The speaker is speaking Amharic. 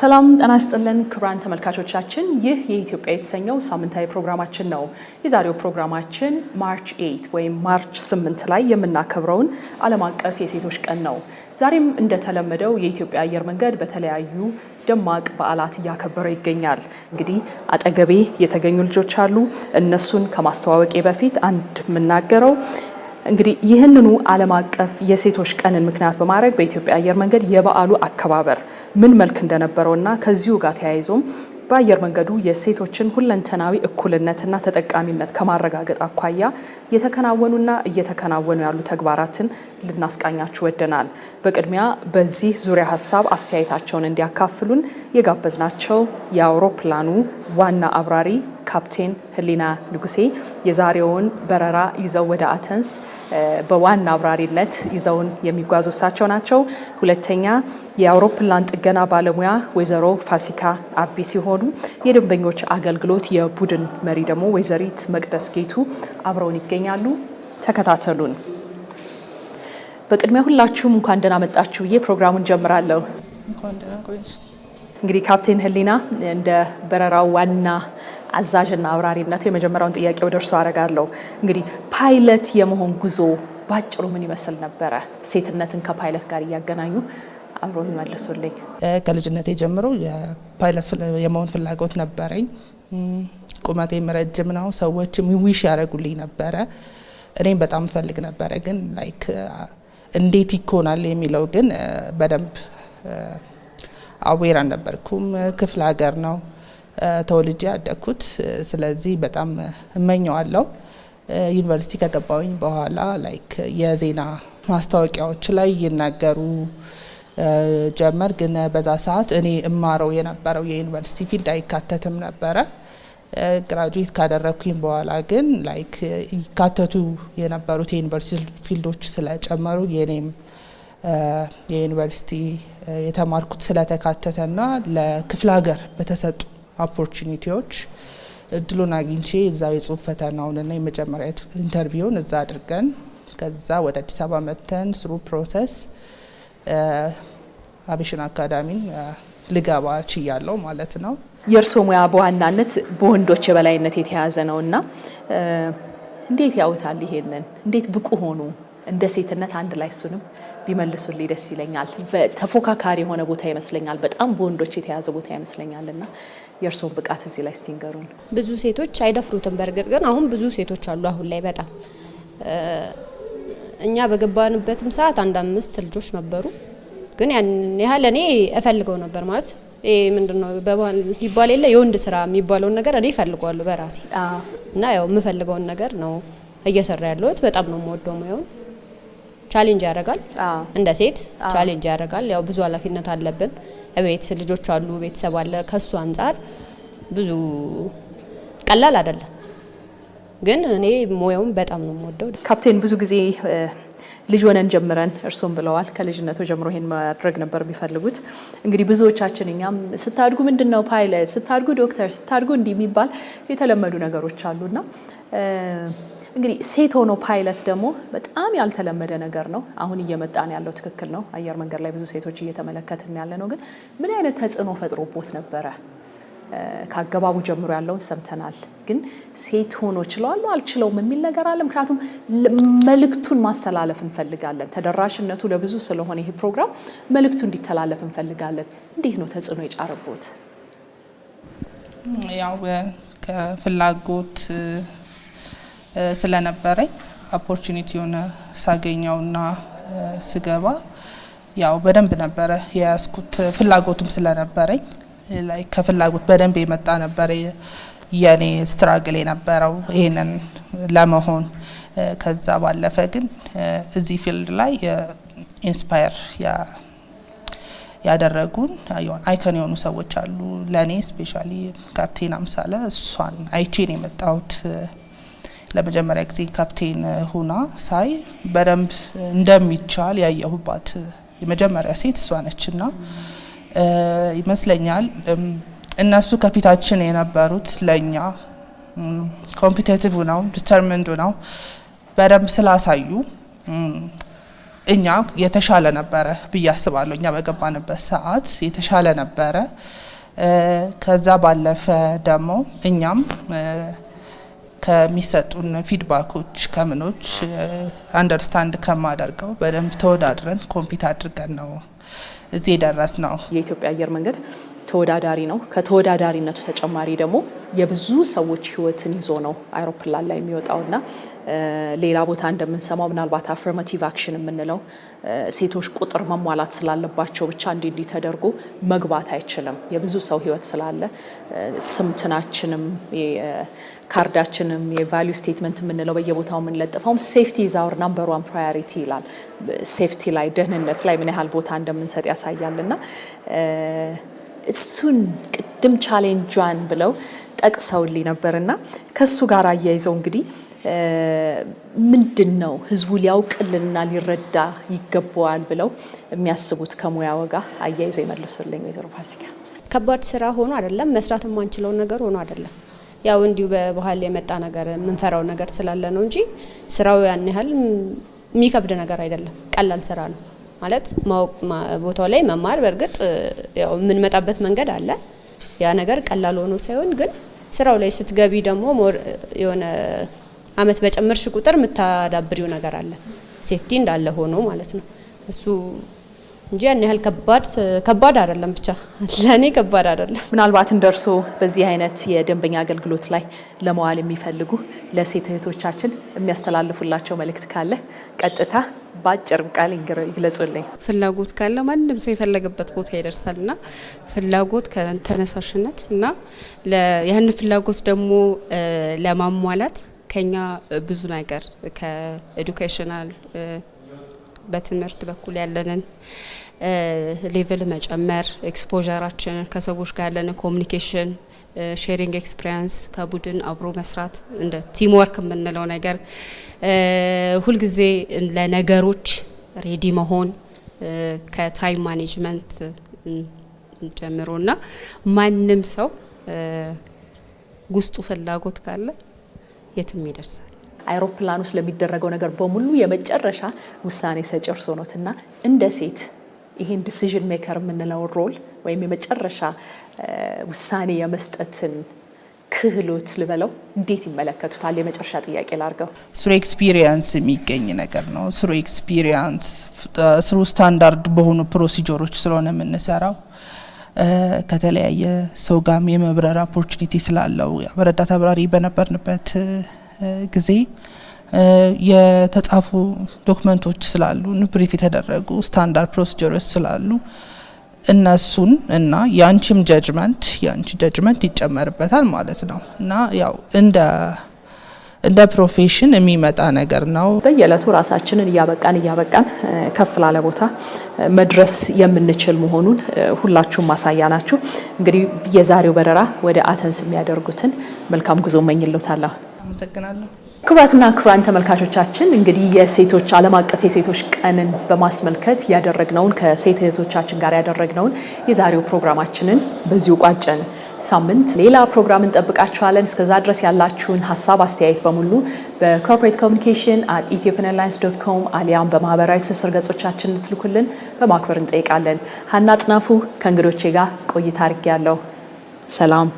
ሰላም ጤና ይስጥልን ክቡራን ተመልካቾቻችን፣ ይህ የኢትዮጵያ የተሰኘው ሳምንታዊ ፕሮግራማችን ነው። የዛሬው ፕሮግራማችን ማርች 8 ወይም ማርች 8 ላይ የምናከብረውን ዓለም አቀፍ የሴቶች ቀን ነው። ዛሬም እንደተለመደው የኢትዮጵያ አየር መንገድ በተለያዩ ደማቅ በዓላት እያከበረ ይገኛል። እንግዲህ አጠገቤ የተገኙ ልጆች አሉ። እነሱን ከማስተዋወቄ በፊት አንድ የምናገረው እንግዲህ ይህንኑ ዓለም አቀፍ የሴቶች ቀንን ምክንያት በማድረግ በኢትዮጵያ አየር መንገድ የበዓሉ አከባበር ምን መልክ እና ከዚሁ ጋር ተያይዞም በአየር መንገዱ የሴቶችን ሁለንተናዊ እኩልነትና ተጠቃሚነት ከማረጋገጥ አኳያ የተከናወኑና እየተከናወኑ ያሉ ተግባራትን ልናስቃኛችሁ ወደናል። በቅድሚያ በዚህ ዙሪያ ሀሳብ አስተያየታቸውን እንዲያካፍሉን የጋበዝናቸው የአውሮፕላኑ ዋና አብራሪ ካፕቴን ህሊና ንጉሴ የዛሬውን በረራ ይዘው ወደ አተንስ በዋና አብራሪነት ይዘውን የሚጓዙ እሳቸው ናቸው። ሁለተኛ የአውሮፕላን ጥገና ባለሙያ ወይዘሮ ፋሲካ አቢ ሲሆኑ የደንበኞች አገልግሎት የቡድን መሪ ደግሞ ወይዘሪት መቅደስ ጌቱ አብረውን ይገኛሉ። ተከታተሉን። በቅድሚያ ሁላችሁም እንኳን ደህና መጣችሁ ብዬ ፕሮግራሙን ጀምራለሁ። እንግዲህ ካፕቴን ህሊና እንደ በረራው ዋና አዛዥና አብራሪነቱ የመጀመሪያውን ጥያቄ ወደ እርሱ አደርጋለሁ። እንግዲህ ፓይለት የመሆን ጉዞ ባጭሩ ምን ይመስል ነበረ? ሴትነትን ከፓይለት ጋር እያገናኙ አብሮ ይመልሱልኝ። ከልጅነቴ ጀምሮ የፓይለት የመሆን ፍላጎት ነበረኝ። ቁመቴም ረጅም ነው። ሰዎችም ዊሽ ያደረጉልኝ ነበረ። እኔም በጣም ፈልግ ነበረ፣ ግን ላይክ እንዴት ይኮናል የሚለው ግን በደንብ አዌር አልነበርኩም። ክፍለ ሀገር ነው ተወልጄ ያደግኩት። ስለዚህ በጣም እመኘዋለሁ። ዩኒቨርሲቲ ከገባውኝ በኋላ ላይክ የዜና ማስታወቂያዎች ላይ ይናገሩ ጀመር። ግን በዛ ሰዓት እኔ እማረው የነበረው የዩኒቨርሲቲ ፊልድ አይካተትም ነበረ። ግራጁዌት ካደረግኩኝ በኋላ ግን ላይክ ይካተቱ የነበሩት የዩኒቨርሲቲ ፊልዶች ስለጨመሩ የኔም የዩኒቨርሲቲ የተማርኩት ስለተካተተና ለክፍለ ሀገር በተሰጡ ኦፖርቹኒቲዎች እድሉን አግኝቼ እዛ የጽሁፍ ፈተናውንና የመጀመሪያ ኢንተርቪውን እዛ አድርገን ከዛ ወደ አዲስ አበባ መጥተን ስሩ ፕሮሰስ አቪሽን አካዳሚን ልገባ ችያለው ማለት ነው። የእርስዎ ሙያ በዋናነት በወንዶች የበላይነት የተያዘ ነው እና እንዴት ያውታል? ይሄንን እንዴት ብቁ ሆኑ? እንደ ሴትነት አንድ ላይ እሱንም ቢመልሱልኝ ደስ ይለኛል። ተፎካካሪ የሆነ ቦታ ይመስለኛል። በጣም በወንዶች የተያዘ ቦታ ይመስለኛል እና የእርስዎን ብቃት እዚህ ላይ እስቲ ብዙ ሴቶች አይደፍሩትም። በእርግጥ ግን አሁን ብዙ ሴቶች አሉ አሁን ላይ በጣም እኛ በገባንበትም ሰዓት አንድ አምስት ልጆች ነበሩ። ግን ያን ያህል እኔ እፈልገው ነበር ማለት ይሄ ምንድነው ይባል የለ የወንድ ስራ የሚባለውን ነገር እኔ እፈልገዋለሁ በራሴ እና ያው የምፈልገውን ነገር ነው እየሰራ ያለሁት። በጣም ነው የምወደው ሙያውን። ቻሌንጅ ያደርጋል። እንደ ሴት ቻሌንጅ ያደርጋል። ያው ብዙ ኃላፊነት አለብን። እቤት ልጆች አሉ፣ ቤተሰብ አለ። ከሱ አንጻር ብዙ ቀላል አይደለም። ግን እኔ ሙያውም በጣም ነው የምወደው። ካፕቴን ብዙ ጊዜ ልጅ ሆነን ጀምረን እርሱም ብለዋል ከልጅነቱ ጀምሮ ይሄን ማድረግ ነበር የሚፈልጉት። እንግዲህ ብዙዎቻችን እኛም ስታድጉ ምንድን ነው ፓይለት፣ ስታድጉ ዶክተር፣ ስታድጉ እንዲህ የሚባል የተለመዱ ነገሮች አሉና እንግዲህ ሴት ሆኖ ፓይለት ደግሞ በጣም ያልተለመደ ነገር ነው። አሁን እየመጣን ያለው ትክክል ነው። አየር መንገድ ላይ ብዙ ሴቶች እየተመለከትን ያለ ነው። ግን ምን አይነት ተጽዕኖ ፈጥሮቦት ነበረ? ከአገባቡ ጀምሮ ያለውን ሰምተናል። ግን ሴት ሆኖ ችለዋል አልችለውም የሚል ነገር አለ። ምክንያቱም መልእክቱን ማስተላለፍ እንፈልጋለን። ተደራሽነቱ ለብዙ ስለሆነ ይሄ ፕሮግራም መልእክቱ እንዲተላለፍ እንፈልጋለን። እንዴት ነው ተጽዕኖ የጫረቦት? ያው ከፍላጎት ስለነበረኝ ሳገኘው ሳገኘውና ስገባ ያው በደንብ ነበረ የያዝኩት ፍላጎቱም ስለነበረኝ ላይ ከፍላጎት በደንብ የመጣ ነበር የኔ ስትራግል የነበረው ይህንን ለመሆን። ከዛ ባለፈ ግን እዚህ ፊልድ ላይ ኢንስፓየር ያደረጉን አይከን የሆኑ ሰዎች አሉ። ለእኔ ስፔሻሊ ካፕቴን አምሳለ እሷን አይቼን የመጣሁት ለመጀመሪያ ጊዜ ካፕቴን ሁና ሳይ በደንብ እንደሚቻል ያየሁባት የመጀመሪያ ሴት እሷ ነች እና ይመስለኛል። እነሱ ከፊታችን የነበሩት ለእኛ ኮምፒቴቲቭ ነው ዲተርሚንድ ነው በደንብ ስላሳዩ እኛ የተሻለ ነበረ ብዬ አስባለሁ። እኛ በገባንበት ሰዓት የተሻለ ነበረ። ከዛ ባለፈ ደግሞ እኛም ከሚሰጡን ፊድባኮች ከምኖች አንደርስታንድ ከማደርገው በደንብ ተወዳድረን ኮምፒት አድርገን ነው እዚህ የደረስ ነው። የኢትዮጵያ አየር መንገድ ተወዳዳሪ ነው። ከተወዳዳሪነቱ ተጨማሪ ደግሞ የብዙ ሰዎች ህይወትን ይዞ ነው አይሮፕላን ላይ የሚወጣው እና ሌላ ቦታ እንደምንሰማው ምናልባት አፍርማቲቭ አክሽን የምንለው ሴቶች ቁጥር መሟላት ስላለባቸው ብቻ እንዲህ እንዲህ ተደርጎ መግባት አይችልም። የብዙ ሰው ህይወት ስላለ ስምትናችንም ካርዳችንም የቫሊዩ ስቴትመንት የምንለው በየቦታው የምንለጥፈውም ሴፍቲ ዛውር ናምበር ዋን ፕራዮሪቲ ይላል። ሴፍቲ ላይ ደህንነት ላይ ምን ያህል ቦታ እንደምንሰጥ ያሳያልና እሱን ቅድም ቻሌንጇን ብለው ጠቅሰውልኝ ነበር እና ከእሱ ጋር አያይዘው እንግዲህ ምንድን ነው ህዝቡ ሊያውቅልና ሊረዳ ይገባዋል ብለው የሚያስቡት ከሙያ ወጋ አያይዘው ይመልሱልኝ ወይዘሮ ፋሲካ። ከባድ ስራ ሆኖ አይደለም መስራት የማንችለው ነገር ሆኖ አይደለም። ያው እንዲሁ በባህል የመጣ ነገር የምንፈራው ነገር ስላለ ነው እንጂ ስራው ያን ያህል የሚከብድ ነገር አይደለም። ቀላል ስራ ነው። ማለት ቦታው ላይ መማር በእርግጥ ያው የምንመጣበት መንገድ አለ። ያ ነገር ቀላል ሆኖ ሳይሆን ግን ስራው ላይ ስትገቢ ደግሞ የሆነ አመት በጨመርሽ ቁጥር የምታዳብሪው ነገር አለ። ሴፍቲ እንዳለ ሆኖ ማለት ነው እሱ እንጂ ያን ያህል ከባድ አይደለም። ብቻ ለእኔ ከባድ አይደለም። ምናልባት እንደርሶ በዚህ አይነት የደንበኛ አገልግሎት ላይ ለመዋል የሚፈልጉ ለሴት እህቶቻችን የሚያስተላልፉላቸው መልእክት ካለ ቀጥታ በአጭር ቃል ይግለጹልኝ። ፍላጎት ካለው ማንም ሰው የፈለገበት ቦታ ይደርሳል እና ፍላጎት ከተነሳሽነት እና ያንን ፍላጎት ደግሞ ለማሟላት ከኛ ብዙ ነገር ከኤዱኬሽናል በትምህርት በኩል ያለንን ሌቭል መጨመር፣ ኤክስፖዣራችንን ከሰዎች ጋር ያለን ኮሚኒኬሽን ሼሪንግ ኤክስፒሪያንስ ከቡድን አብሮ መስራት እንደ ቲም ወርክ የምንለው ነገር ሁልጊዜ ለነገሮች ሬዲ መሆን ከታይም ማኔጅመንት ጀምሮ እና ማንም ሰው ውስጡ ፍላጎት ካለ የትም ይደርሳል። አይሮፕላን ውስጥ ለሚደረገው ነገር በሙሉ የመጨረሻ ውሳኔ ሰጭ እርስዎ እንደ ሴት ይህን ዲሲዥን ሜከር የምንለውን ሮል ወይም የመጨረሻ ውሳኔ የመስጠትን ክህሎት ልበለው እንዴት ይመለከቱታል? የመጨረሻ ጥያቄ ላርገው። ስሩ ኤክስፒሪየንስ የሚገኝ ነገር ነው። ስሩ ኤክስፒሪየንስ ስሩ ስታንዳርድ በሆኑ ፕሮሲጀሮች ስለሆነ የምንሰራው ከተለያየ ሰው ጋም የመብረር ኦፖርቹኒቲ ስላለው ረዳት አብራሪ በነበርንበት ጊዜ የተጻፉ ዶክመንቶች ስላሉ ብሪፍ የተደረጉ ስታንዳርድ ፕሮሲጀሮች ስላሉ እነሱን እና የአንቺም ጀጅመንት የአንቺ ጀጅመንት ይጨመርበታል ማለት ነው እና ያው እንደ እንደ ፕሮፌሽን የሚመጣ ነገር ነው። በየዕለቱ ራሳችንን እያበቃን እያበቃን ከፍ ላለ ቦታ መድረስ የምንችል መሆኑን ሁላችሁም ማሳያ ናችሁ። እንግዲህ የዛሬው በረራ ወደ አተንስ የሚያደርጉትን መልካም ጉዞ እመኝልዎታለሁ። አመሰግናለሁ። ክቡራትና ክቡራን ተመልካቾቻችን እንግዲህ የሴቶች ዓለም አቀፍ የሴቶች ቀንን በማስመልከት ያደረግነውን ከሴት እህቶቻችን ጋር ያደረግነውን የዛሬው ፕሮግራማችንን በዚሁ ቋጨን። ሳምንት ሌላ ፕሮግራም እንጠብቃችኋለን። እስከዛ ድረስ ያላችሁን ሀሳብ፣ አስተያየት በሙሉ በኮርፖሬት ኮሚኒኬሽን አት ኢትዮጵያን ኤርላይንስ ዶት ኮም አሊያም በማህበራዊ ትስስር ገጾቻችን ልትልኩልን በማክበር እንጠይቃለን። ሀና ጥናፉ ከእንግዶቼ ጋር ቆይታ አድርጌያለሁ። ሰላም።